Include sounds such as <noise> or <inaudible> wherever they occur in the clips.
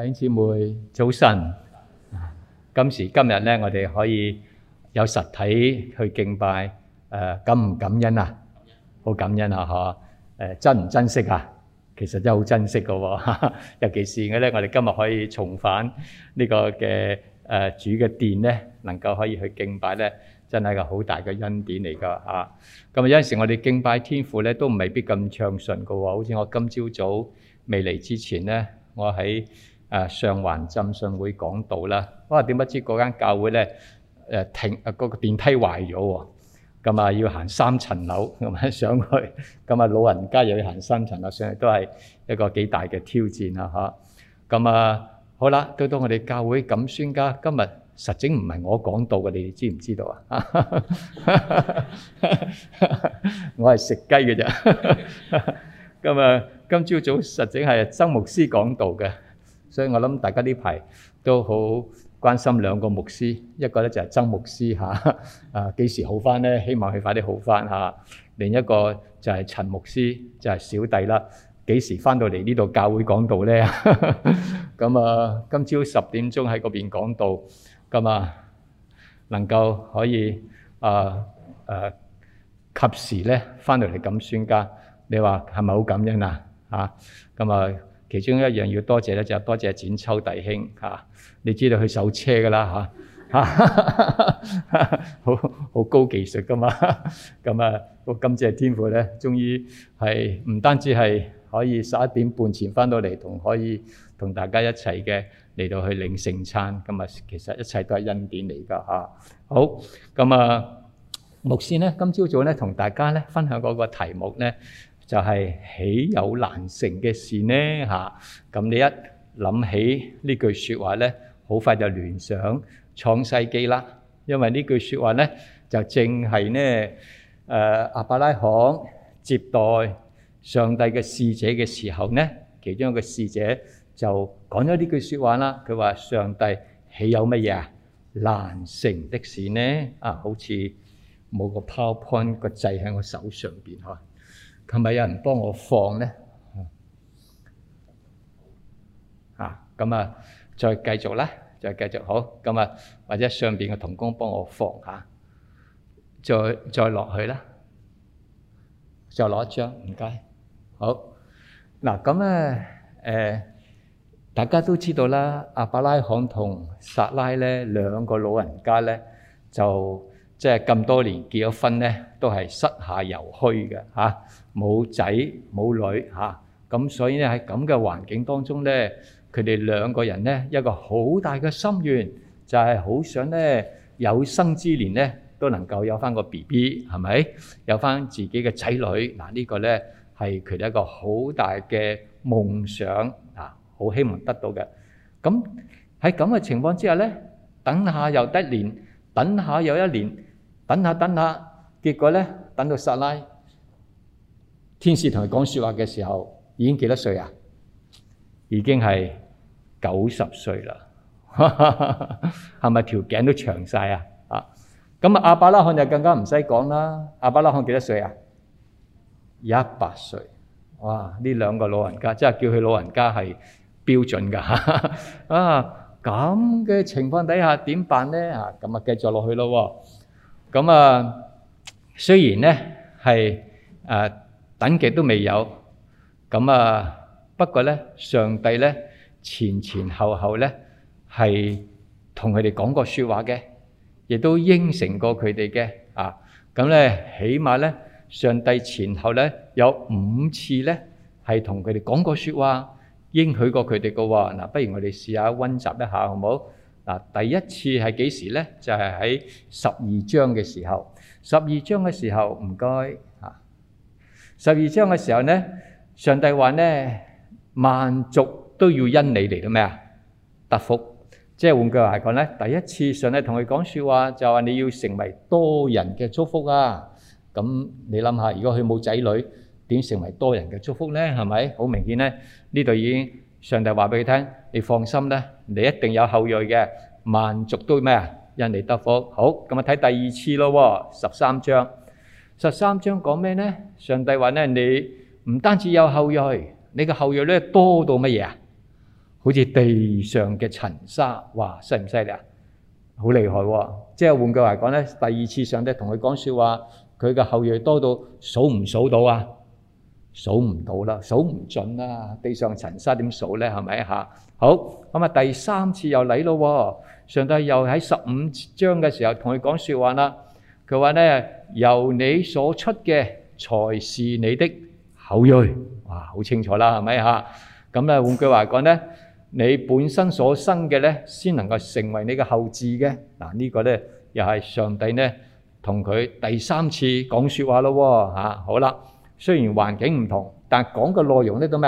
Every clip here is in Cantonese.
弟兄姊妹，早晨！今時今日咧，我哋可以有實體去敬拜，誒感唔感恩啊？好感恩啊！嚇誒，珍唔珍惜啊？其實真係好珍惜嘅喎，尤其是嘅咧，我哋今日可以重返呢個嘅誒主嘅殿咧，能夠可以去敬拜咧，真係一個好大嘅恩典嚟㗎嚇！咁有陣時我哋敬拜天父咧，都未必咁暢順嘅喎，好似我今朝早未嚟之前咧，我喺～誒上環浸信會講道啦，哇！點不知嗰間教會咧誒停啊，嗰個電梯壞咗喎，咁啊要行三層樓咁樣上去，咁啊老人家又要行三層樓上去，都係一個幾大嘅挑戰啊！嚇，咁啊好啦，到到我哋教會咁孫家今日實整唔係我講道嘅，你哋知唔知道啊？我係食雞嘅啫，咁啊今朝早實整係曾牧師講道嘅。所以我諗大家呢排都好關心兩個牧師，一個咧就係曾牧師嚇，啊幾時好翻咧？希望佢快啲好翻嚇。另一個就係陳牧師，就係小弟啦。幾時翻到嚟呢度教會講道咧？咁啊，今朝十點鐘喺嗰邊講道，咁啊能夠可以啊啊，及時咧翻到嚟咁宣家。你話係咪好感恩啊？嚇，咁啊～其中一樣要多謝咧，就多謝展秋弟兄嚇。你知道佢修車噶啦嚇，好好高技術噶嘛。咁啊，我今次嘅天父咧，終於係唔單止係可以十一點半前翻到嚟，同可以同大家一齊嘅嚟到去領聖餐。咁啊，其實一切都係恩典嚟㗎嚇。好，咁啊，牧師咧，今朝早咧同大家咧分享嗰個題目咧。就係豈有難成嘅事呢嚇，咁你一諗起呢句説話咧，好快就聯想創世記啦。因為呢句説話咧，就正係咧，誒亞伯拉罕接待上帝嘅使者嘅時候呢，其中一個使者就講咗呢句説話啦。佢話：上帝豈有乜嘢啊難成的事呢？啊，好似冇個 PowerPoint 個掣喺我手上邊呵。係咪有人幫我放咧？啊，咁啊，再繼續啦，再繼續好，咁啊，或者上邊嘅同工幫我放吓，再再落去啦，再攞一張，唔該，好嗱，咁咧誒，大家都知道啦，亞伯拉罕同撒拉咧兩個老人家咧就。即係咁多年結咗婚咧，都係膝下猶虛嘅嚇，冇仔冇女嚇。咁所以咧喺咁嘅環境當中咧，佢哋兩個人咧一個好大嘅心願，就係好想咧有生之年咧都能夠有翻個 BB 係咪？有翻自己嘅仔女嗱，呢個咧係佢哋一個好大嘅夢想啊，好希望得到嘅。咁喺咁嘅情況之下咧，等下又一年，等下又一年。等下等下，結果咧等到撒拉天使同佢講說話嘅時候，已經幾多歲啊？已經係九十歲啦，係咪條頸都長晒啊？啊，咁亞伯拉罕就更加唔使講啦。亞伯拉罕幾多歲啊？一百歲。哇！呢兩個老人家，即係叫佢老人家係標準㗎 <laughs> 啊，咁嘅情況底下點辦咧？啊，咁啊，繼續落去咯。咁啊，雖然咧係誒等極都未有，咁啊不過咧上帝咧前前後後咧係同佢哋講過説話嘅，亦都應承過佢哋嘅啊。咁咧起碼咧上帝前後咧有五次咧係同佢哋講過説話，應許過佢哋嘅話。嗱，不如我哋試下温習一下好唔好？嗱，第一次係幾時咧？就係喺十二章嘅時候。十二章嘅時候，唔該嚇。十二章嘅時候咧，上帝話咧，萬族都要因你嚟到咩啊？得福。即係換句話講咧，第一次上帝同佢講説話，就話你要成為多人嘅祝福啊。咁你諗下，如果佢冇仔女，點成為多人嘅祝福咧？係咪？好明顯咧，呢度已經上帝話俾佢聽。你放心咧，你一定有後裔嘅，萬族都咩啊？因你得福。好，咁啊睇第二次咯，十三章。十三章講咩咧？上帝話咧，你唔單止有後裔，你嘅後裔咧多到乜嘢啊？好似地上嘅塵沙，哇，犀唔犀利啊？好厲害，即係換句話講咧，第二次上帝同佢講說話，佢嘅後裔多到數唔數到啊！數唔到啦，數唔盡啦，地上塵沙點數咧？係咪吓？好咁啊！第三次又嚟咯、哦，上帝又喺十五章嘅時候同佢講說話啦。佢話咧，由你所出嘅才是你的後裔。哇，好清楚啦，係咪吓？咁咧換句話講咧，你本身所生嘅咧，先能夠成為你嘅後裔嘅。嗱、啊，這個、呢個咧又係上帝咧同佢第三次講說話咯、哦。吓、啊，好啦。雖然環境唔同，但講嘅內容都，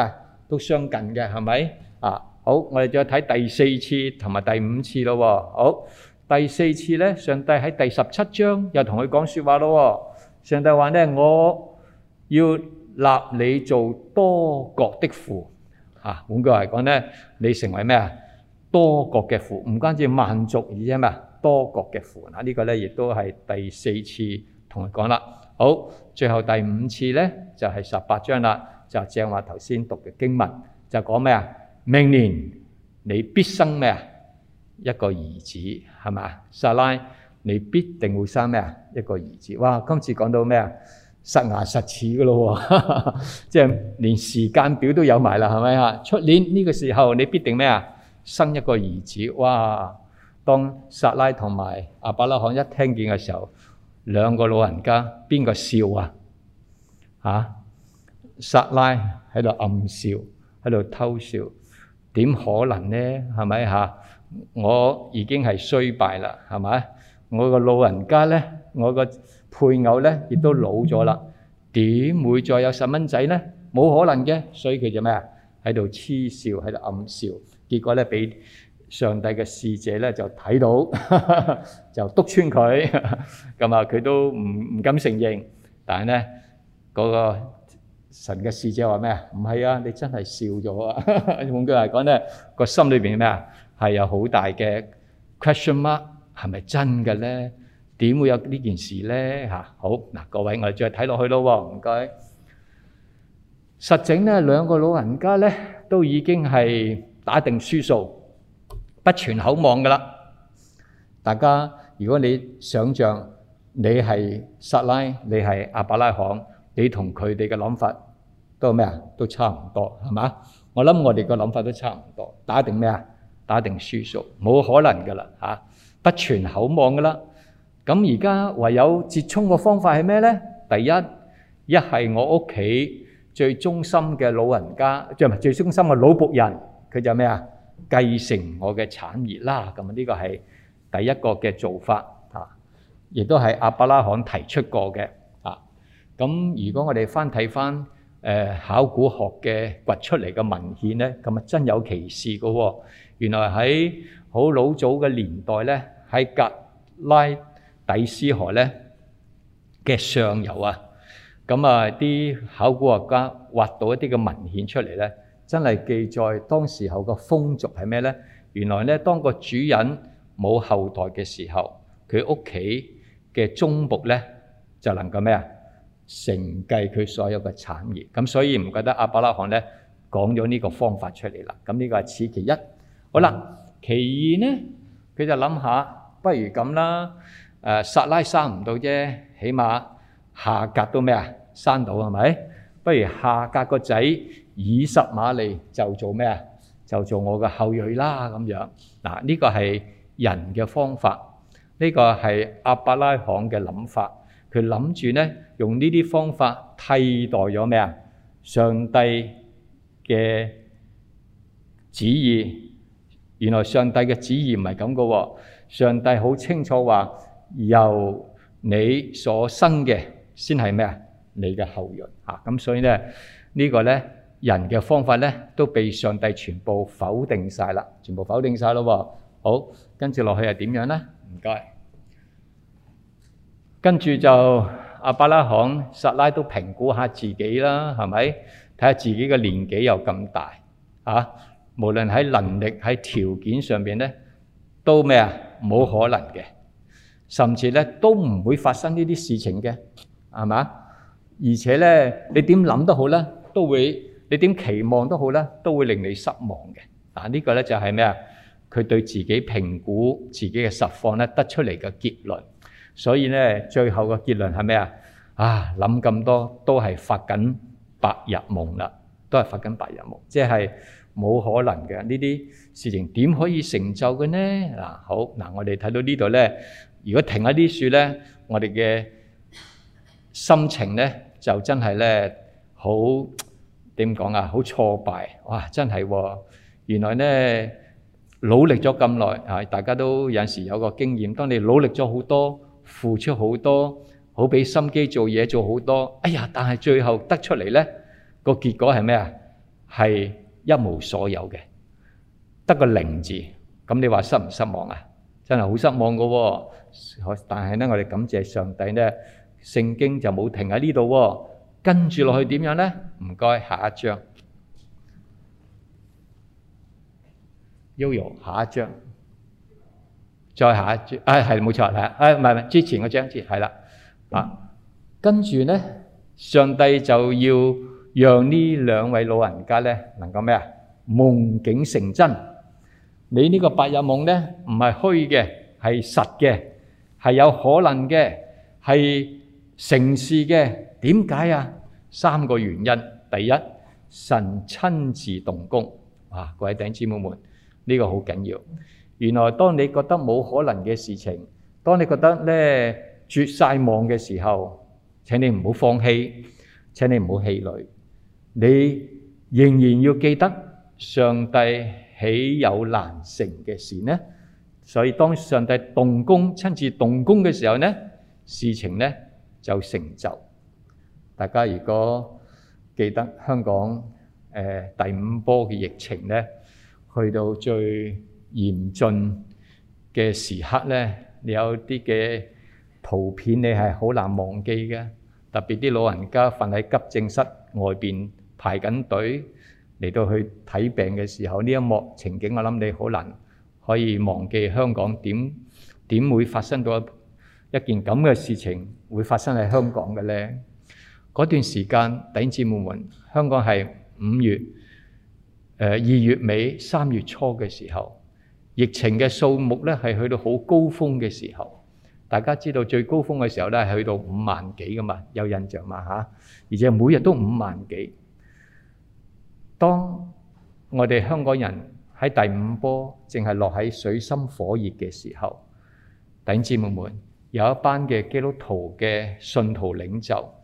都相近嘅，係咪啊？好，我哋再睇第四次同埋第五次咯、哦。好，第四次咧，上帝喺第十七章又同佢講説話咯、哦。上帝話呢，我要立你做多國的父啊！換句話嚟講呢，你成為咩啊？多國嘅父，唔關注萬族而啫嘛。多國嘅父，嗱、啊這個、呢個咧亦都係第四次同佢講啦。好，最後第五次咧就係十八章啦，就正話頭先讀嘅經文，就講咩啊？明年你必生咩啊？一個兒子係咪啊？撒拉你必定會生咩啊？一個兒子。哇！今次講到咩啊？實牙實齒噶咯喎，即係連時間表都有埋啦，係咪啊？出年呢個時候你必定咩啊？生一個兒子。哇！當撒拉同埋亞伯拉罕一聽見嘅時候。兩個老人家邊個笑啊？嚇！撒拉喺度暗笑，喺度偷笑，點可能呢？係咪嚇？我已經係衰敗啦，係咪啊？我個老人家咧，我個配偶咧，亦都老咗啦，點會再有細蚊仔呢？冇可能嘅，所以佢就咩啊？喺度黐笑，喺度暗笑，結果咧畀。上帝嘅使者咧就睇到，就篤穿佢，咁啊佢都唔唔敢承認。但係咧嗰個神嘅使者話咩啊？唔係啊，你真係笑咗啊！換句嚟講咧，個心裏邊咩啊？係有好大嘅 question mark，係咪真嘅咧？點會有呢件事咧？嚇，好嗱，各位我哋再睇落去咯，唔該。實情咧，兩個老人家咧都已經係打定輸數。不存厚望㗎喇！大家，如果你想像你係撒拉，你係亞伯拉罕，你同佢哋嘅諗法都咩啊？都差唔多係嘛？我諗我哋個諗法都差唔多。打定咩啊？打定輸數，冇可能㗎喇嚇！不存厚望㗎喇。咁而家唯有折衝嘅方法係咩呢？第一，一係我屋企最忠心嘅老人家，即係咪最忠心嘅老僕人？佢就咩啊？繼承我嘅產業啦，咁啊呢個係第一個嘅做法嚇，亦都係阿伯拉罕提出過嘅嚇。咁、啊、如果我哋翻睇翻誒考古學嘅掘出嚟嘅文獻咧，咁啊真有其事嘅喎、啊。原來喺好老早嘅年代咧，喺格拉底斯河咧嘅上游啊，咁啊啲考古學家挖到一啲嘅文獻出嚟咧。真係記載當時候個風俗係咩咧？原來咧，當個主人冇後代嘅時候，佢屋企嘅宗僕咧，就能夠咩啊承繼佢所有嘅產業。咁所以唔怪得亞伯拉罕咧講咗呢個方法出嚟啦。咁呢個係此其一。好啦，其二咧，佢就諗下，不如咁啦。誒，撒拉生唔到啫，起碼夏甲都咩啊生到係咪？不如下隔個仔以實瑪利就做咩啊？就做我嘅後裔啦咁樣。嗱，呢個係人嘅方法，呢個係亞伯拉罕嘅諗法。佢諗住咧用呢啲方法替代咗咩啊？上帝嘅旨意。原來上帝嘅旨意唔係咁嘅喎。上帝好清楚話，由你所生嘅先係咩啊？你嘅後裔嚇咁，所以呢呢個呢人嘅方法呢，都被上帝全部否定曬啦，全部否定曬咯。好，跟住落去係點樣呢？唔該，跟住就亞伯拉罕撒拉都評估下自己啦，係咪睇下自己嘅年紀又咁大嚇？無論喺能力喺條件上邊呢，都咩啊冇可能嘅，甚至呢都唔會發生呢啲事情嘅，係嘛？而且咧，你點諗都好咧，都會你點期望都好咧，都會令你失望嘅。嗱，呢個咧就係咩啊？佢對自己評估自己嘅實況咧，得出嚟嘅結論。所以咧，最後嘅結論係咩啊？啊，諗咁多都係發緊白日夢啦，都係發緊白日夢，即係冇可能嘅呢啲事情點可以成就嘅呢？嗱，好嗱，我哋睇到呢度咧，如果停喺呢處咧，我哋嘅心情咧～.就真係呢，好。聖經就冇停喺呢度喎，跟住落去點樣咧？唔該，下一章。YoYo，下一章，再下一章。啊，係冇錯，係啊，唔係唔係，之前嗰章節係啦。啊，跟住咧，上帝就要讓呢兩位老人家咧，能夠咩啊？夢境成真。你呢個白日夢咧，唔係虛嘅，係實嘅，係有可能嘅，係。成事嘅點解啊？三個原因。第一，神親自動工啊！各位弟兄姊妹們，呢個好緊要。原來當你覺得冇可能嘅事情，當你覺得呢絕曬望嘅時候，請你唔好放棄，請你唔好氣餒，你仍然要記得上帝豈有難成嘅事呢？所以當上帝動工、親自動工嘅時候呢，事情呢？就成就大家。如果記得香港誒第五波嘅疫情咧，去到最嚴峻嘅時刻咧，你有啲嘅圖片你係好難忘記嘅。特別啲老人家瞓喺急症室外邊排緊隊嚟到去睇病嘅時候，呢一幕情景我諗你好難可以忘記，香港點點會發生到一一件咁嘅事情會發生喺香港嘅呢？嗰段時間，弟兄姊妹們，香港係五月誒二月尾三月初嘅時候，疫情嘅數目呢係去到好高峯嘅時候。大家知道最高峯嘅時候呢係去到五萬幾㗎嘛，有印象嘛嚇？而且每日都五萬幾。當我哋香港人喺第五波，淨係落喺水深火熱嘅時候，弟兄姊妹們。有一班的基督徒的信徒領袖,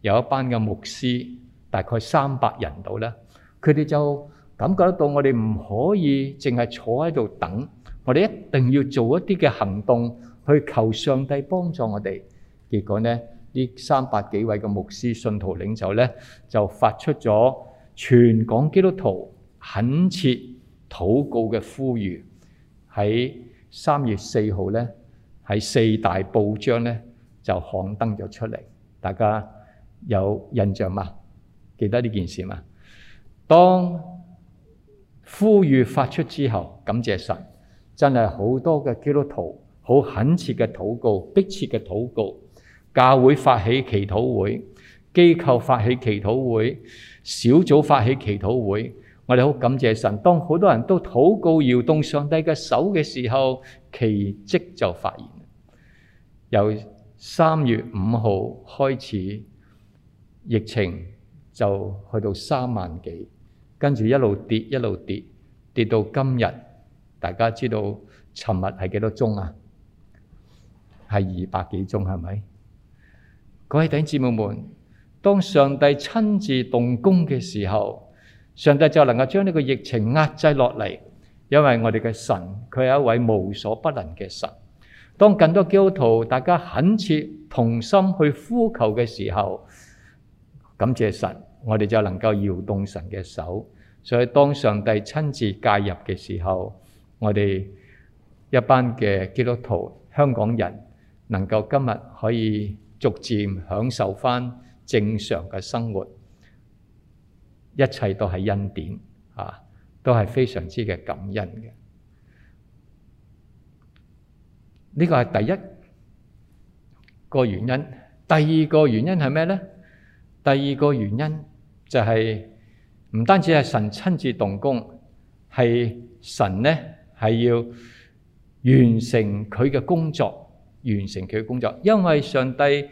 有一班的牧師,大概三百人度呢,他們就感覺到我們不可以淨係坐在這裏等,我們一定要做一些行動去求上帝幫助我們。結果呢,這三百幾位的牧師信徒領袖呢,就發出了全港基督徒懇切禱告的呼籲。在三月四號呢,喺四大報章咧就刊登咗出嚟，大家有印象嗎？記得呢件事嗎？當呼籲發出之後，感謝神，真係好多嘅基督徒好懇切嘅禱告，迫切嘅禱告，教會發起祈禱會，機構發起祈禱會，小組發起祈禱會。我哋好感謝神，當好多人都禱告搖動上帝嘅手嘅時候，奇蹟就發現，由三月五號開始，疫情就去到三萬幾，跟住一路跌一路跌，跌到今日。大家知道尋日係幾多宗啊？係二百幾宗，係咪？各位弟兄姊妹們，當上帝親自動工嘅時候上帝就能夠將呢個疫情壓制落嚟，因為我哋嘅神，佢係一位無所不能嘅神。當更多基督徒大家懇切，同心去呼求嘅時候，感謝神，我哋就能夠搖動神嘅手。所以當一切都係恩典啊，都係非常之嘅感恩嘅。呢個係第一個原因，第二個原因係咩咧？第二個原因就係唔單止係神親自動工，係神咧係要完成佢嘅工作，完成佢嘅工作，因為上帝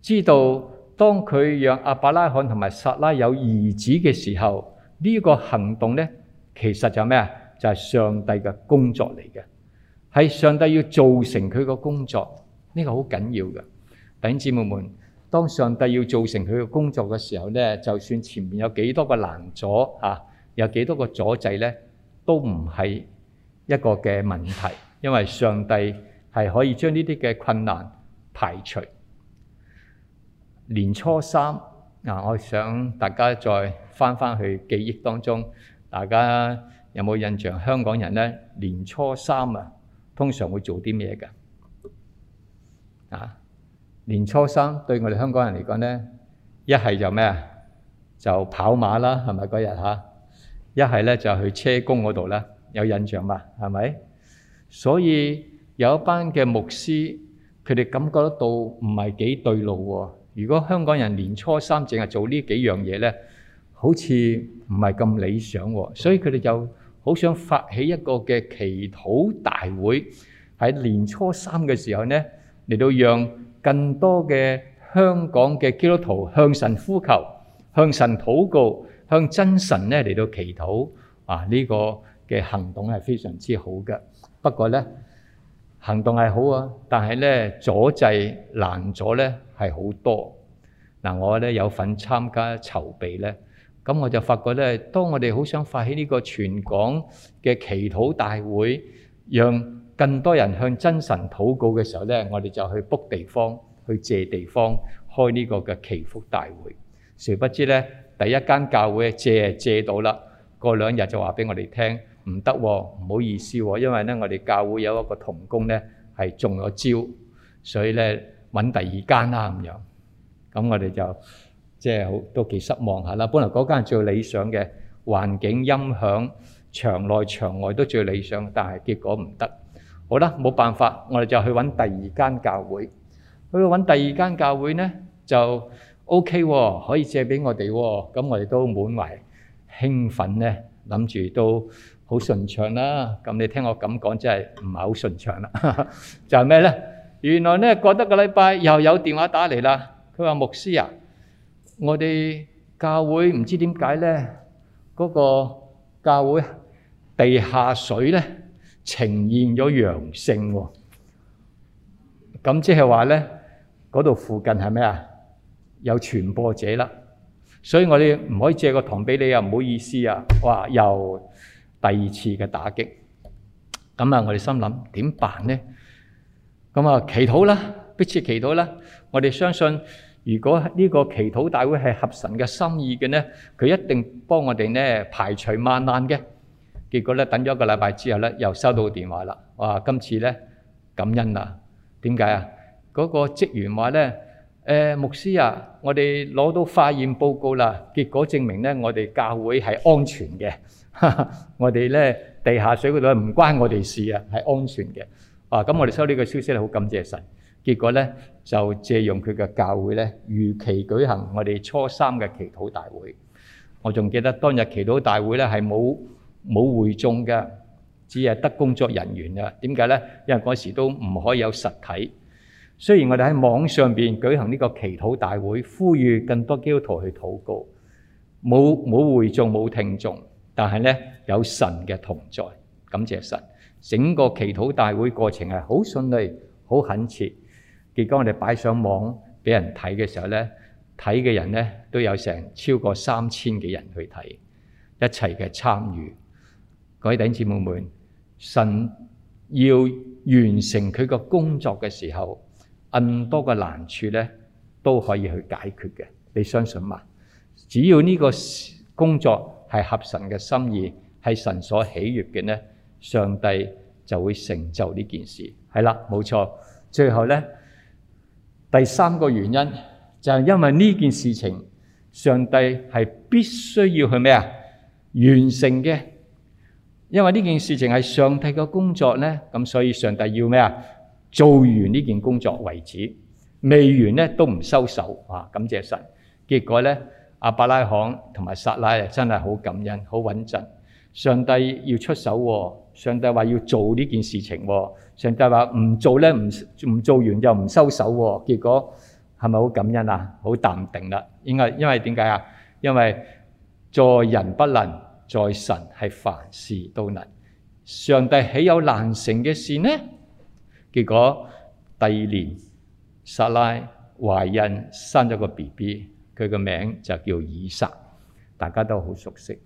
知道。當佢讓亞伯拉罕同埋撒拉有兒子嘅時候，呢個行動呢，其實就係咩？就係上帝嘅工作嚟嘅。係上帝要造成佢嘅工作，呢個好緊要嘅。弟兄姊妹們，當上帝要造成佢嘅工作嘅時候呢，就算前面有幾多個難阻，有幾多個阻滯呢，都唔係一個嘅問題，因為上帝係可以將呢啲嘅困難排除。年初三嗱，我想大家再翻翻去記憶當中，大家有冇印象？香港人咧年初三啊，通常會做啲咩㗎？啊，年初三對我哋香港人嚟講咧，一係就咩啊，就跑馬啦，係咪嗰日嚇？一係咧就去車公嗰度啦，有印象嘛？係咪？所以有一班嘅牧師，佢哋感覺得到唔係幾對路喎。如果香港人年初三淨係做呢幾樣嘢咧，好似唔係咁理想喎，所以佢哋就好想發起一個嘅祈禱大會喺年初三嘅時候咧，嚟到讓更多嘅香港嘅基督徒向神呼求、向神禱告、向真神咧嚟到祈禱。啊，呢個嘅行動係非常之好嘅。不過咧，行動係好啊，但係咧阻滯難阻咧。係好多嗱，我咧有份參加籌備咧，咁我就發覺咧，當我哋好想發起呢個全港嘅祈禱大會，讓更多人向真神禱告嘅時候咧，我哋就去 book 地方，去借地方開呢個嘅祈福大會。誰不知咧，第一間教會借係借到啦，過兩日就話俾我哋聽唔得，唔好意思，因為咧我哋教會有一個同工咧係中咗招，所以咧。揾第二間啦，咁樣，咁我哋就即係好都幾失望下啦。本來嗰間係最理想嘅環境音響，場內場外都最理想，但係結果唔得。好啦，冇辦法，我哋就去揾第二間教會。去揾第二間教會咧，就 O K，可以借俾我哋。咁我哋都滿懷興奮咧，諗住都好順暢啦。咁你聽我咁講，真係唔係好順暢啦。就係咩咧？原來呢，覺得個禮拜又有電話打嚟啦，佢話牧師呀,我哋教會唔知點解呢？嗰個教會，地下水呢,呈現咗陽性喎。咁即係話呢,嗰度附近係咩呀?有傳播者啦。所以我哋唔可以借個堂俾你呀，唔好意思呀，哇，又第二次嘅打擊。咁我哋心諗，點辦呢？咁啊，祈禱啦，迫切祈禱啦！我哋相信，如果呢個祈禱大會係合神嘅心意嘅呢，佢一定幫我哋呢，排除萬難嘅。結果呢，等咗一個禮拜之後呢，又收到電話啦。哇！今次呢，感恩啦！點解啊？嗰個職員話呢，誒，牧師啊，我哋攞到化驗報告啦，結果證明呢，我哋教會係安全嘅。我哋呢，地下水嗰度唔關我哋事啊，係安全嘅。啊！咁我哋收呢個消息咧，好感謝神。結果咧，就借用佢嘅教會咧，如期舉行我哋初三嘅祈禱大會。我仲記得當日祈禱大會咧，係冇冇會眾嘅，只係得工作人員嘅。點解咧？因為嗰時都唔可以有實體。雖然我哋喺網上邊舉行呢個祈禱大會，呼籲更多基督徒去禱告，冇冇會眾，冇聽眾，但係咧，有神嘅同在，感謝神。整個祈禱大會過程係好順利、好懇切。結果我哋擺上網俾人睇嘅時候咧，睇嘅人咧都有成超過三千幾人去睇，一齊嘅參與。各位弟兄姊妹們，神要完成佢嘅工作嘅時候，咁多個難處咧都可以去解決嘅。你相信嘛？只要呢個工作係合神嘅心意，係神所喜悅嘅咧。上帝就會成就呢件事，係啦，冇錯。最後咧，第三個原因就係因為呢件事情，上帝係必須要去咩啊？完成嘅，因為呢件事情係上帝嘅工作咧，咁所以上帝要咩啊？做完呢件工作為止，未完咧都唔收手啊！感謝神，結果咧，亞伯拉罕同埋撒拉啊，真係好感恩、好穩陣。上帝要出手喎。上帝話要做呢件事情喎，上帝話唔做呢唔唔做完又唔收手喎，結果係咪好感恩啊？好淡定啦，因為因為點解啊？因為在人不能，在神係凡事都能。上帝豈有難成嘅事呢？結果第二年撒拉懷孕生咗個 BB，佢嘅名就叫以撒，大家都好熟悉。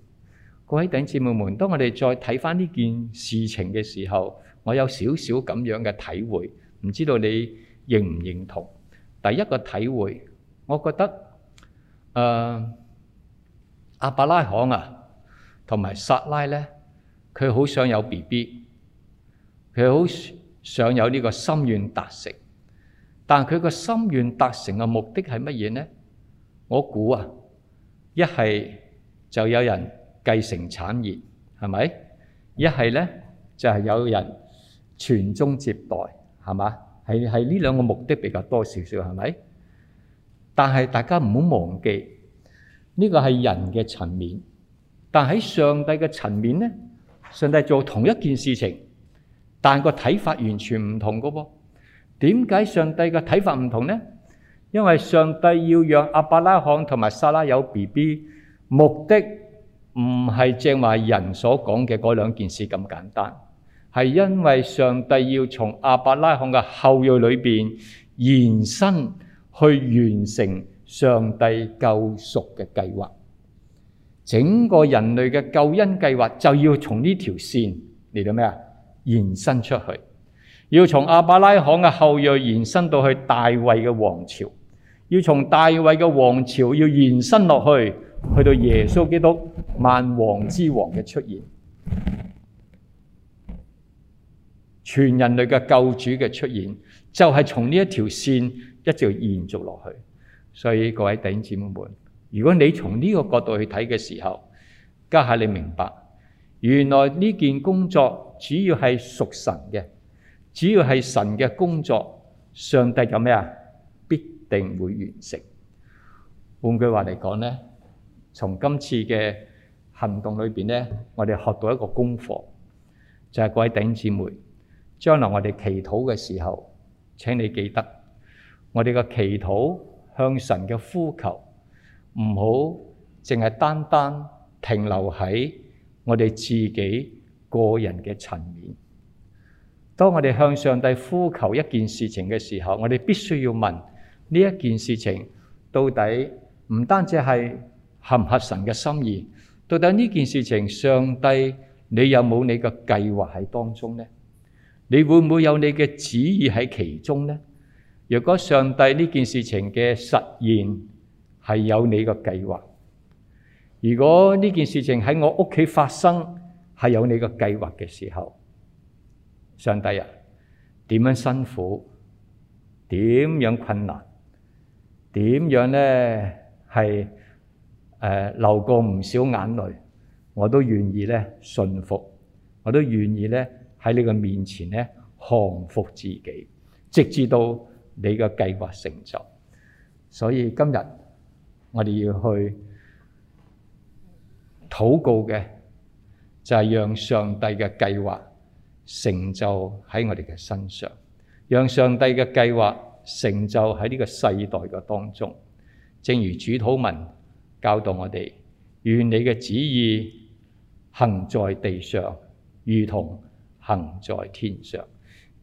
各位弟兄姊妹們，當我哋再睇翻呢件事情嘅時候，我有少少咁樣嘅體會，唔知道你認唔認同？第一個體會，我覺得誒，亞伯拉罕啊，同埋撒拉咧，佢好想有 BB，佢好想有呢個心願達成。但係佢個心願達成嘅目的係乜嘢呢？我估啊，一係就有人，繼承產業係咪？一係咧就係有人傳宗接代係嘛？係係呢兩個目的比較多少少係咪？但係大家唔好忘記，呢個係人嘅層面。但喺上帝嘅層面咧，上帝做同一件事情，但個睇法完全唔同嘅噃。點解上帝嘅睇法唔同咧？因為上帝要讓亞伯拉罕同埋撒拉有 BB 目的。唔係正話人所講嘅嗰兩件事咁簡單，係因為上帝要從亞伯拉罕嘅後裔裏面延伸去完成上帝救贖嘅計劃，整個人類嘅救恩計劃就要從呢條線嚟到咩啊？延伸出去，要從亞伯拉罕嘅後裔延伸到去大衛嘅王朝，要從大衛嘅王朝要延伸落去。去到耶穌基督萬王之王嘅出現，全人類嘅救主嘅出現，就係、是、從呢一條線一直延續落去。所以各位弟兄姊妹們，如果你從呢個角度去睇嘅時候，家下你明白，原來呢件工作只要係屬神嘅，只要係神嘅工作，上帝有咩啊？必定會完成。換句話嚟講呢。從今次的行動裏面呢，我們學到一個功課，就是各位弟兄姊妹，將來我們祈禱的時候，請你記得，我們的祈禱向神的呼求，不要只是單單停留在我們自己個人的層面。當我們向上帝呼求一件事情的時候，我們必須要問，呢一件事情到底不單止是合唔合神嘅心意？到底呢件事情，上帝你有冇你嘅計劃喺當中呢？你會唔會有你嘅旨意喺其中呢？若果上帝呢件事情嘅實現係有你嘅計劃，如果呢件事情喺我屋企發生係有你嘅計劃嘅時候，上帝啊，點樣辛苦？點樣困難？點樣呢？係。呃，流過唔少眼淚，我都願意呢，教導我哋，願你嘅旨意行在地上，如同行在天上。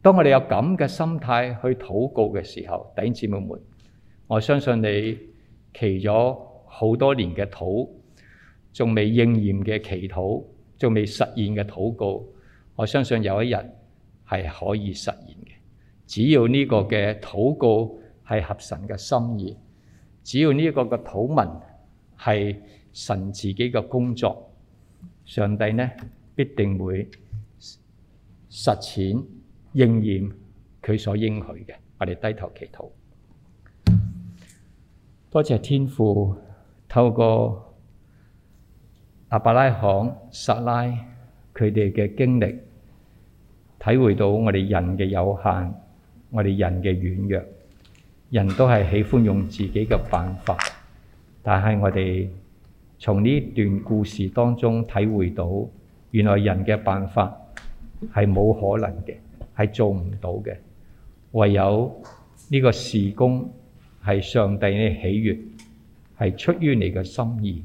當我哋有咁嘅心態去禱告嘅時候，弟兄姊妹們，我相信你祈咗好多年嘅禱，仲未應驗嘅祈禱，仲未實現嘅禱告，我相信有一日係可以實現嘅。只要呢個嘅禱告係合神嘅心意，只要呢個嘅禱文。係神自己嘅工作，上帝呢必定會實踐應驗佢所應許嘅。我哋低頭祈禱，多謝天父透過亞伯拉罕、撒拉佢哋嘅經歷，體會到我哋人嘅有限，我哋人嘅軟弱，人都係喜歡用自己嘅辦法。但係我哋從呢段故事當中體會到，原來人嘅辦法係冇可能嘅，係做唔到嘅。唯有呢個事工係上帝嘅喜悅，係出於你嘅心意，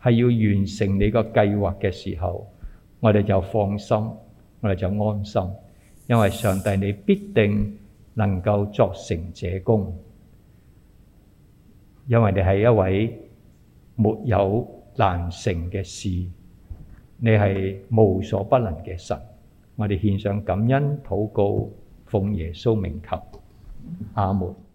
係要完成你個計劃嘅時候，我哋就放心，我哋就安心，因為上帝你必定能夠作成這功。因為你係一位沒有難成嘅事，你係無所不能嘅神，我哋獻上感恩禱告，奉耶穌名求，阿門。